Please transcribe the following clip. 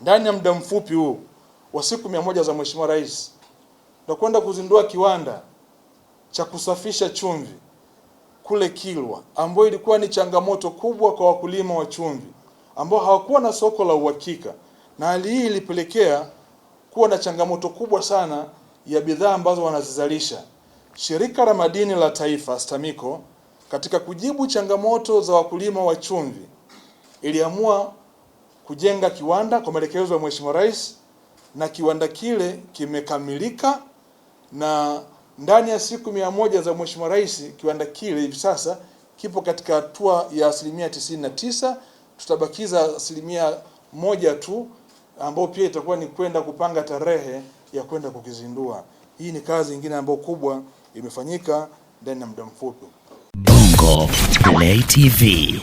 ndani ya muda mfupi huu wa siku mia moja za Mheshimiwa Rais tutakwenda kuzindua kiwanda cha kusafisha chumvi kule Kilwa, ambayo ilikuwa ni changamoto kubwa kwa wakulima wa chumvi ambao hawakuwa na soko la uhakika, na hali hii ilipelekea kuwa na changamoto kubwa sana ya bidhaa ambazo wanazizalisha. Shirika la Madini la Taifa STAMICO katika kujibu changamoto za wakulima wa chumvi iliamua kujenga kiwanda kwa maelekezo ya Mheshimiwa Rais, na kiwanda kile kimekamilika na ndani ya siku mia moja za Mheshimiwa Rais kiwanda kile hivi sasa kipo katika hatua ya asilimia tisini na tisa. Tutabakiza asilimia moja tu ambayo pia itakuwa ni kwenda kupanga tarehe ya kwenda kukizindua. Hii ni kazi nyingine ambayo kubwa imefanyika ndani ya muda mfupi. Bongo Play TV.